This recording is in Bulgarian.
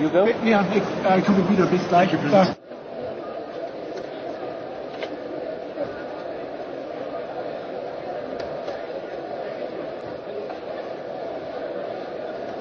You go? Ja, ich, ich komme wieder. Bis gleich.